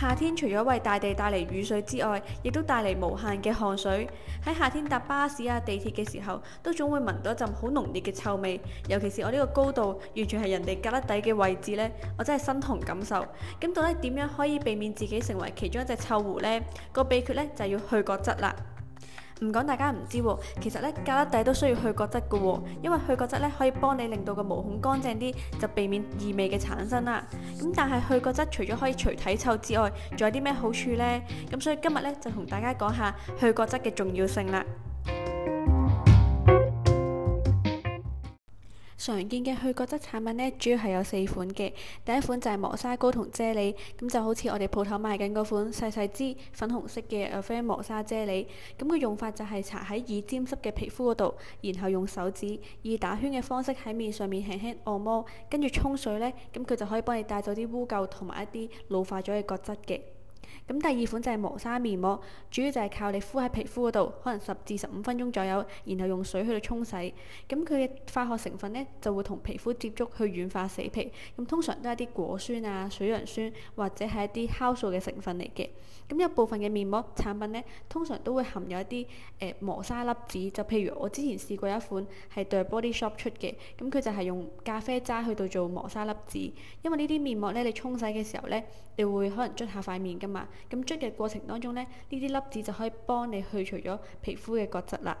夏天除咗為大地帶嚟雨水之外，亦都帶嚟無限嘅汗水。喺夏天搭巴士啊、地鐵嘅時候，都總會聞到一陣好濃烈嘅臭味。尤其是我呢個高度，完全係人哋隔得底嘅位置呢，我真係身同感受。咁到底點樣可以避免自己成為其中一隻臭狐呢？個秘訣呢，就要去角質啦。唔講大家唔知喎，其實呢，胳肋底都需要去角質嘅喎，因為去角質呢，可以幫你令到個毛孔乾淨啲，就避免異味嘅產生啦。咁但係去角質除咗可以除體臭之外，仲有啲咩好處呢？咁所以今日呢，就同大家講下去角質嘅重要性啦。常見嘅去角質產品呢，主要係有四款嘅。第一款就係磨砂膏同啫喱，咁就好似我哋鋪頭賣緊嗰款細細支粉紅色嘅 Avon 磨砂啫喱。咁佢用法就係搽喺已沾濕嘅皮膚嗰度，然後用手指以打圈嘅方式喺面上面輕輕按摩，跟住沖水呢，咁佢就可以幫你帶走啲污垢同埋一啲老化咗嘅角質嘅。咁第二款就係磨砂面膜，主要就係靠你敷喺皮膚嗰度，可能十至十五分鐘左右，然後用水去到沖洗。咁佢嘅化學成分呢，就會同皮膚接觸去軟化死皮。咁通常都係啲果酸啊、水楊酸或者係一啲酵素嘅成分嚟嘅。咁有部分嘅面膜產品呢，通常都會含有一啲誒、呃、磨砂粒子，就譬如我之前試過一款係 The Body Shop 出嘅，咁佢就係用咖啡渣去到做磨砂粒子。因為呢啲面膜呢，你沖洗嘅時候呢，你會可能捽下塊面噶嘛。咁捽嘅過程當中咧，呢啲粒子就可以幫你去除咗皮膚嘅角質啦。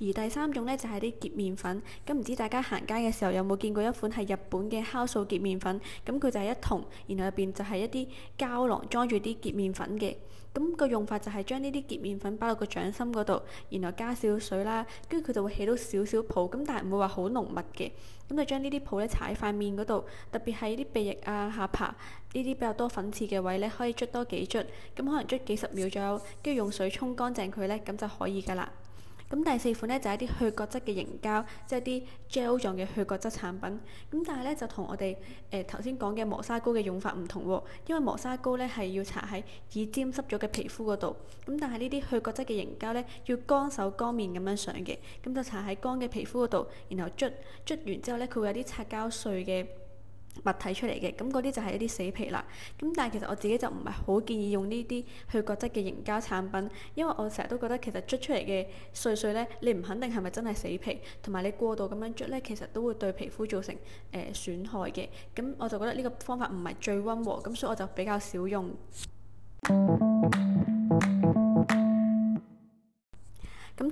而第三種咧就係、是、啲潔面粉，咁唔知大家行街嘅時候有冇見過一款係日本嘅酵素潔面粉？咁佢就係一桶，然後入邊就係一啲膠囊裝住啲潔面粉嘅。咁、那個用法就係將呢啲潔面粉包喺個掌心嗰度，然後加少少水啦，跟住佢就會起到少少泡，咁但係唔會話好濃密嘅。咁就將呢啲泡咧搽喺塊面嗰度，特別係啲鼻翼啊、下巴呢啲比較多粉刺嘅位咧，可以捽多幾捽，咁可能捽幾十秒左右，跟住用水沖乾淨佢咧，咁就可以㗎啦。咁第四款呢，就係、是、一啲去角質嘅凝膠，即係啲 gel 狀嘅去角質產品。咁但係呢，就同我哋誒頭先講嘅磨砂膏嘅用法唔同喎、哦，因為磨砂膏呢係要搽喺已沾濕咗嘅皮膚嗰度。咁但係呢啲去角質嘅凝膠呢，要乾手乾面咁樣上嘅，咁就搽喺乾嘅皮膚嗰度，然後捽捽完之後呢，佢會有啲擦膠碎嘅物體出嚟嘅，咁嗰啲就係一啲死皮啦。咁但係其實我自己就唔係好建議用呢啲去角質嘅凝膠產品，因為我成日都覺得其實捽出嚟嘅碎碎咧，你唔肯定係咪真係死皮，同埋你過度咁樣捽咧，其實都會對皮膚造成誒損害嘅。咁我就覺得呢個方法唔係最溫和，咁所以我就比較少用。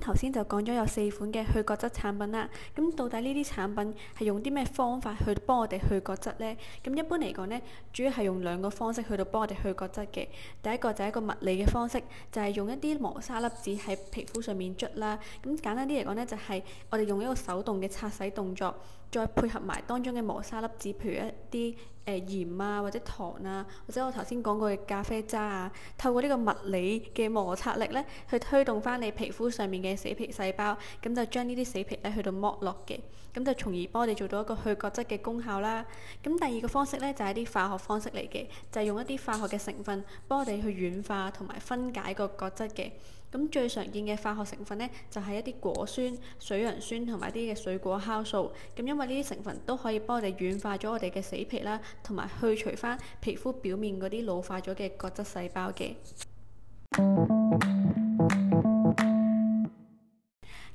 頭先就講咗有四款嘅去角質產品啦，咁到底呢啲產品係用啲咩方法去幫我哋去角質呢？咁一般嚟講呢，主要係用兩個方式去到幫我哋去角質嘅。第一個就係一個物理嘅方式，就係用一啲磨砂粒子喺皮膚上面捽啦。咁簡單啲嚟講呢，就係我哋用一個手動嘅擦洗動作。再配合埋當中嘅磨砂粒子，譬如一啲誒、呃、鹽啊，或者糖啊，或者我頭先講過嘅咖啡渣啊，透過呢個物理嘅摩擦力呢，去推動翻你皮膚上面嘅死皮細胞，咁就將呢啲死皮呢去到剝落嘅，咁就從而幫我哋做到一個去角質嘅功效啦。咁第二個方式呢，就係、是、啲化學方式嚟嘅，就係、是、用一啲化學嘅成分幫我哋去軟化同埋分解個角質嘅。咁最常見嘅化學成分呢，就係一啲果酸、水楊酸同埋一啲嘅水果酵素。咁因為呢啲成分都可以幫我哋軟化咗我哋嘅死皮啦，同埋去除翻皮膚表面嗰啲老化咗嘅角質細胞嘅。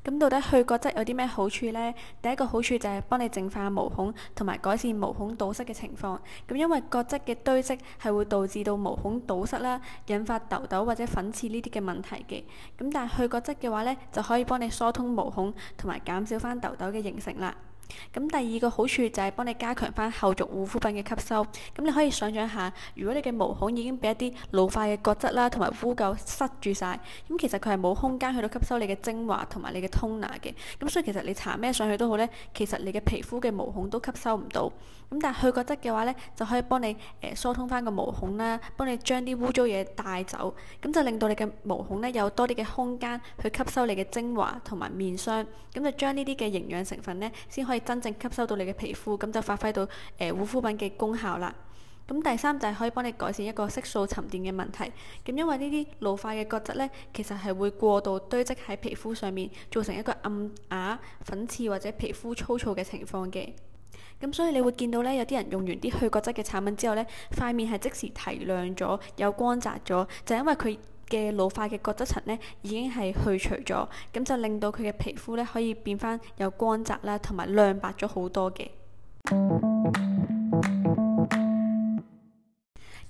咁到底去角質有啲咩好處呢？第一個好處就係幫你淨化毛孔，同埋改善毛孔堵塞嘅情況。咁因為角質嘅堆積係會導致到毛孔堵塞啦，引發痘痘或者粉刺呢啲嘅問題嘅。咁但係去角質嘅話呢，就可以幫你疏通毛孔，同埋減少翻痘痘嘅形成啦。咁第二個好處就係幫你加強翻後續護膚品嘅吸收。咁你可以想象下，如果你嘅毛孔已經俾一啲老化嘅角質啦，同埋污垢塞住晒，咁其實佢係冇空間去到吸收你嘅精華同埋你嘅通拿嘅。咁所以其實你搽咩上去都好呢，其實你嘅皮膚嘅毛孔都吸收唔到。咁但係去角質嘅話呢，就可以幫你、呃、疏通翻個毛孔啦，幫你將啲污糟嘢帶走，咁就令到你嘅毛孔呢，有多啲嘅空間去吸收你嘅精華同埋面霜，咁就將呢啲嘅營養成分呢，先可以，真正吸收到你嘅皮膚，咁就發揮到誒、呃、護膚品嘅功效啦。咁第三就係、是、可以幫你改善一個色素沉澱嘅問題。咁因為呢啲老化嘅角質呢，其實係會過度堆積喺皮膚上面，造成一個暗啞、粉刺或者皮膚粗糙嘅情況嘅。咁所以你會見到呢，有啲人用完啲去角質嘅產品之後呢，塊面係即時提亮咗，有光澤咗，就係、是、因為佢。嘅老化嘅角質層呢，已經係去除咗，咁就令到佢嘅皮膚呢，可以變翻有光澤啦，同埋亮白咗好多嘅。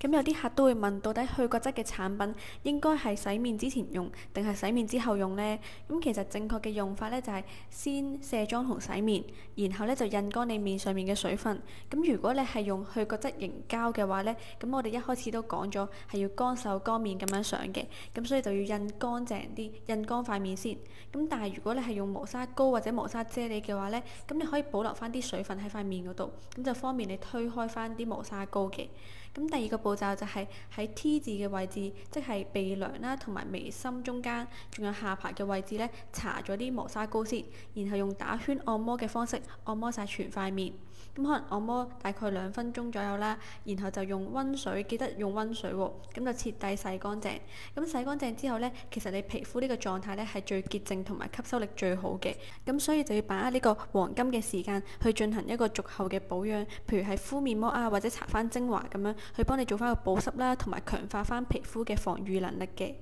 咁有啲客都會問，到底去角質嘅產品應該係洗面之前用定係洗面之後用呢？咁其實正確嘅用法咧就係先卸妝同洗面，然後咧就印乾你面上面嘅水分。咁如果你係用去角質凝膠嘅話咧，咁我哋一開始都講咗係要乾手乾面咁樣上嘅，咁所以就要印乾淨啲，印乾塊面先。咁但係如果你係用磨砂膏或者磨砂啫喱嘅話咧，咁你可以保留翻啲水分喺塊面嗰度，咁就方便你推開翻啲磨砂膏嘅。咁第二個步驟就係、是、喺 T 字嘅位置，即係鼻梁啦，同埋眉心中間，仲有下巴嘅位置呢，搽咗啲磨砂膏先，然後用打圈按摩嘅方式按摩晒全塊面。咁可能按摩大概兩分鐘左右啦，然後就用溫水，記得用溫水喎，咁就徹底洗乾淨。咁洗乾淨之後呢，其實你皮膚呢個狀態呢，係最潔淨同埋吸收力最好嘅，咁所以就要把握呢個黃金嘅時間去進行一個續後嘅保養，譬如係敷面膜啊，或者搽翻精華咁樣。去幫你做翻個保濕啦，同埋強化翻皮膚嘅防禦能力嘅。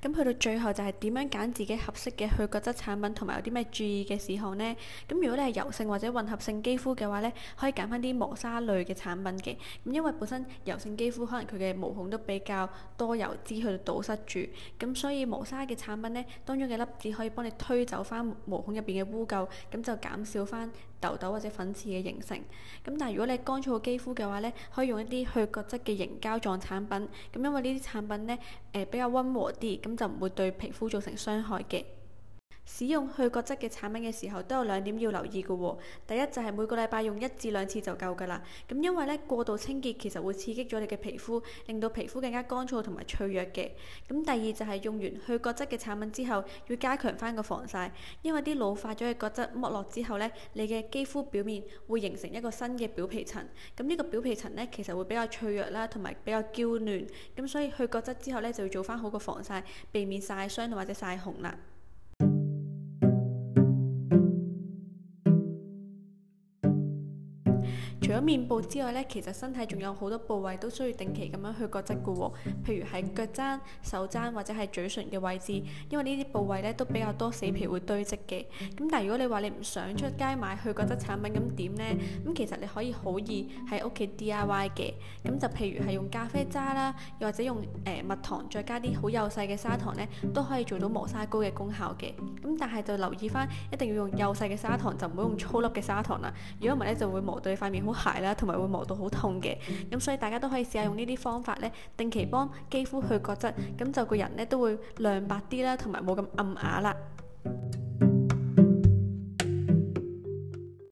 咁去 到最後就係點樣揀自己合適嘅去角質產品，同埋有啲咩注意嘅事項呢？咁如果你係油性或者混合性肌膚嘅話呢，可以揀翻啲磨砂類嘅產品嘅。咁因為本身油性肌膚可能佢嘅毛孔都比較多油脂去到堵塞住，咁所以磨砂嘅產品呢，當中嘅粒子可以幫你推走翻毛孔入邊嘅污垢，咁就減少翻，痘痘或者粉刺嘅形成，咁但係如果你乾燥肌膚嘅話呢，可以用一啲去角質嘅凝膠狀產品，咁因為呢啲產品呢誒、呃、比較溫和啲，咁就唔會對皮膚造成傷害嘅。使用去角質嘅產品嘅時候，都有兩點要留意㗎喎、哦。第一就係、是、每個禮拜用一至兩次就夠㗎喇。咁因為咧過度清潔其實會刺激咗你嘅皮膚，令到皮膚更加乾燥同埋脆弱嘅。咁第二就係、是、用完去角質嘅產品之後，要加強翻個防曬，因為啲老化咗嘅角質剝落之後咧，你嘅肌膚表面會形成一個新嘅表皮層。咁呢個表皮層咧其實會比較脆弱啦，同埋比較嬌嫩。咁所以去角質之後咧，就要做翻好個防曬，避免曬傷或者曬紅啦。除咗面部之外呢，其實身體仲有好多部位都需要定期咁樣去角質嘅喎，譬如係腳踭、手踭或者係嘴唇嘅位置，因為呢啲部位呢都比較多死皮會堆積嘅。咁但係如果你話你唔想出街買去角質產品咁點呢？咁其實你可以好易喺屋企 DIY 嘅，咁就譬如係用咖啡渣啦，又或者用誒、呃、蜜糖再加啲好幼細嘅砂糖呢，都可以做到磨砂膏嘅功效嘅。咁但係就留意返，一定要用幼細嘅砂糖，就唔好用粗粒嘅砂糖啦。如果唔係呢，就會磨到你塊面，好鞋啦，同埋會磨到好痛嘅，咁所以大家都可以試下用呢啲方法呢，定期幫肌膚去角質，咁就個人呢，都會亮白啲啦，同埋冇咁暗啞啦。